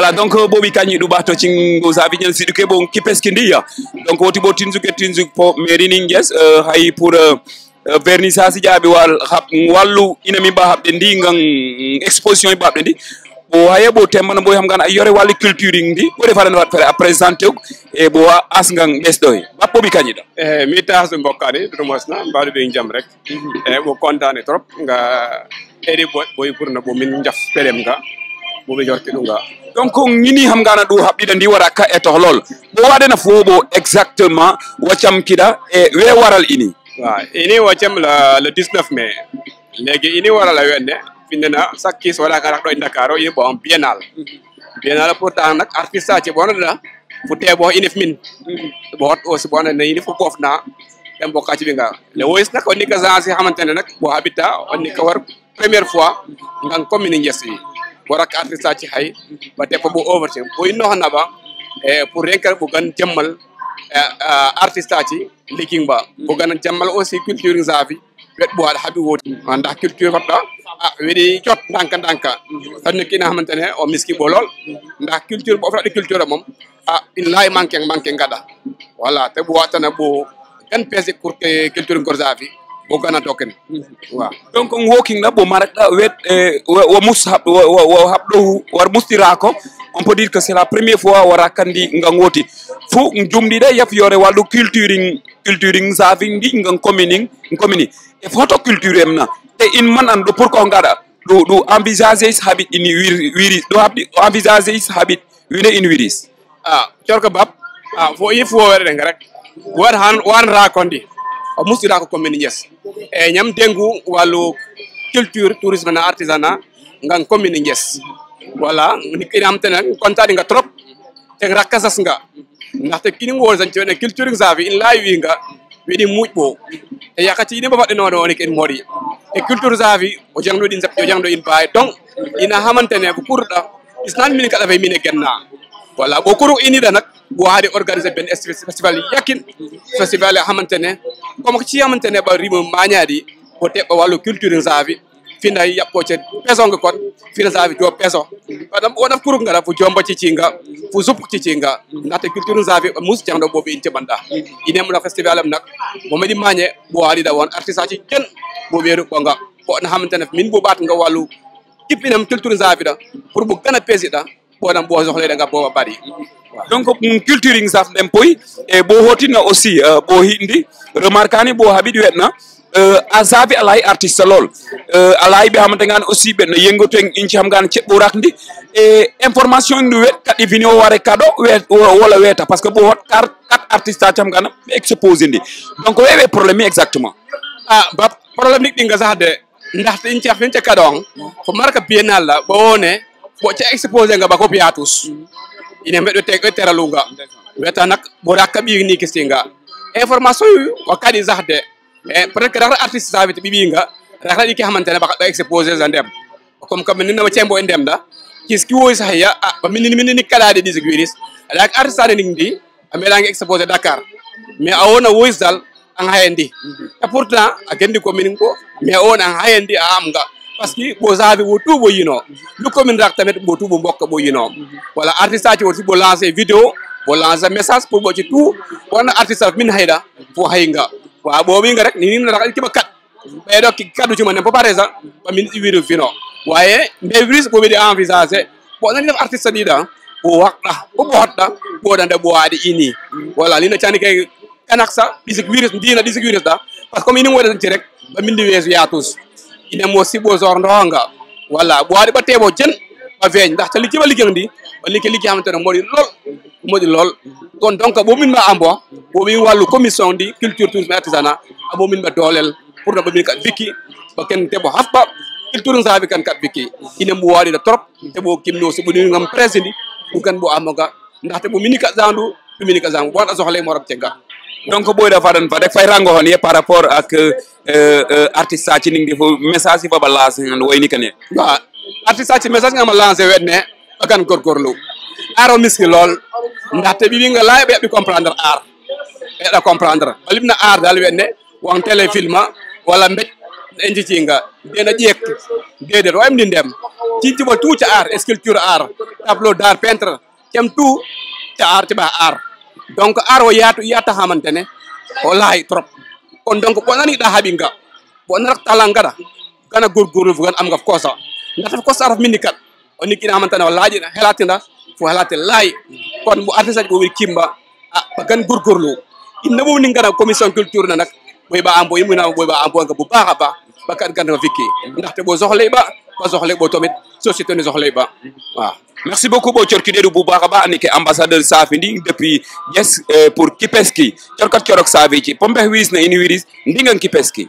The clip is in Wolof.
voilà donc euh, boɓi kañƴi ɗum ɓato cingo saabi ñande siɗu ke bon ki peskidi donc woti ɓo tinsuke tinsuk po mairie nin gues euh, hay pour euh, vernissage jaaɓe wal wallu ina min mba haɓɓe ndi exposition e mbaɓɓe ndi ɓo haye ɓo temmana mboy kam gan a yore walli culture ndi ɓoɗe faɗane wat fere a présenté o e ɓo as gan ɓesɗo he bappomi kañiɗa eyi eh, mi taas ɗo bokkani ɗo mosna mbaɗuɓe jaam rek eyi ɓo contane min jaf pelem ga moɓe yorte ɗum ga donc nga ham gana habbi dan di wara ka e bo ɓo na fobo exactement wacham kida e we waral ini ini la le 19 mai legi ini waral a wende findena sakkis wala ka ɗo do dakaro o ya ini am bienal. biennal pourtant nak artiste aji fu futte bo inif min bo hot bon na ini kof na dem bokkaci ɓe nga le wois nak onika ka si xamantene nak bo habita onika war première fois ngan commune jeswi warak artista ci hay mate ko bo overtim bo innoxana ba e, pour renka bugan jammal e, e, artista ci ligging ba bugan jammal aussi culture nsafi wet ɓuwaɗ haɓi wooti ndax culture fat ɗa weɗi cot ndanka ndanka sanno kina xamante ne o miski ɓolol ndax culture bo o fetaɗi culture moom a in laayi manque manque ngaɗa voilà te ɓuwa tana ɓo gan peese pour culture gorsa fi ogana gana token. wa donc on walking la bo marata wet wa mushab wa habdo war mustira ko on peut dire que c'est la première fois wara kandi ngangoti fu njumdi de yaf yore walu culturing culturing saving di ngang communing communi e photo culture emna te in man ando pour ko ngada do do envisager is habit in wiris do habdi envisager is habit wine in wiris ah corka bab ah fo yef wo werde rek war han ra rakondi musira ko commune Thiès e eh, ñam dengu wallu culture tourisme na artisanat ngan commune Thiès voilà inam tene kontaɗinga trop ten rakkasas nga ndaxte kini wosan cewene culture saafi in lay winga wiɗi muƴɓo e yakati ini bafaɗenoɗo one ken moɗi e culture saafi o jangɗoɗin sappi o jangɗo in baawe donc ina hamantene ko kurɗa isnan min kaɗa fe mine genna voilà ɓo kuru inida nak bu waari organisé benn festival yakin festival e xamante ne comme ci xamante ne ɓa rima mañaɗi o teɓɓa wallu culture saabi fina yaɓɓoce pesonge kon fina saabi jo peso waɗam wonaf kuru ngara fo jomba cicinga fo sup cicinga natte culture saabi mus jangɗo ɓoɓe in teɓanɗa inemna festival am nak momeɗi mañe ɓo waɗiɗa won artiste aji jen ɓoɓe ruɓɓonga ko no xamante ne min ɓo ɓatga wallu jippinam culture saabi ɗa pour ɓo gana bonam bo soxle da nga boba bari donc culturing saf dem poy e bo hotina aussi euh, bo hindi remarkani bo habid wetna euh azabi alay artiste lol euh alay bi hamata ngan aussi ben ci xam inci ci bo rak ndi e information ndu wet kadi video ware cadeau wet wala weta parce que bo hot car kat artiste xam ngan exposé ndi donc wewe problème exactement ah ba problème ni nga sax de ndax te inci ham ci cadeau ko marka biennale la bo woné bo ci exposé nga ba ko biya tous ine mbeɗo te ko teralu nga weta nak bo da kabi ni kisti nga information yu ko kadi zahde de e peut être artiste sa vite bibi nga rax di ki xamantene ba ko exposé za ndem comme comme ni na ma cembo ndem da kiski woy sax ya ba minni ni kala de disque wiris dak artiste ni ndi amela ah, nga exposé dakar mais awona woy dal an hayandi pourtant a gendi ko minin ko mais on an hayandi am nga pasque ɓo saabi wo tu ɓo yino lukkomin rak tamet ɓo tu ɓo mbokka ɓo yino voilà artiste aji aussi ɓo lancé vidéo ɓo lancé message pour ɓoci tout wonno artiste af min hayɗa fo haynga wa ɓominga rek nininaa keɓa kat ɓeyɗo kadducima nen popare sa ɓamin iwiru fino waye nde wiris ɓo ɓiɗi envisagé ɓonani def artiste ɗiɗa ɓo waɗɗa ɓo ɓohotɗa ɓoɗande ɓowaade ini voilà lino cani kay kanak sa ɗisik wiris ndina ɗisik wiris ɗa par que comme ini woɗatanci rek ɓamindi weesu ina mo siɓo zordo nga voilà ɓowaɗe ɓattemo jen ɓa weeñ ndax ta liggi ɓa liggan ndi ɓa liggi liggi hamante no moɗi lol lool lol kono donc ɓominma embois ɓomin wallu commission ndi culture tourisme artisanat a ah ɓominma doolel pour no ɓomin kat bikki ɓa ken teɓo hafɓa culture saabi kan kat bikki ina mo waɗiɗa trop teɓo kimno so ɓonigam presse ndi ɗum kan ɓo amoga ndaxte ɓomini ka zandu ɗumini ka zandu wonɗa sohlemo rabte ga donc ɓoyɗa faɗan faade fayrango hon ye par rapport ak euh, euh, artiste aji ɗin ɗi fof message ji baba lance an wayni kane wa artiste aji message ngama lancé wedne ɓagan gorgorlu ar o miski lool ndaxte ɓiɓinga laa ɓe yaɓi comprendre ar ɓe yaɗa comprendre ɓa liɓna ar dal wedne won téléfilm a walla mbeƴ enjitinga dena ƴeek dedet o emɗi ndem cintiɓo tout ca ar sculpture ar tableau d' peintre kem tout ca ar ceɓa art donc aro yaatu yaata xamantene lay trop kon donc nani da habinga bonar talanga da kana gor gor gan am nga kosa ko kosa raf mindikat oni oh, kina xamantene helati oh, helatina fu helati lay kon ah, bu artiste ko wir kimba ah bagan gor gorlu inna bo ni ngana commission culture na nak boy ba am boy mu na boy ba am bo nga bu baaxa ba bakkat kan fa fikki te bo soxlay ba ko soxla ɓo to mit société ne soxla ba waaw merci beaucoup ɓo corkiɗeru boubaxa ba anike ambassadeur safindi depuis yes euh, pour kipeski corkat corok safici pompe wiis na in wiris ndingan kipeski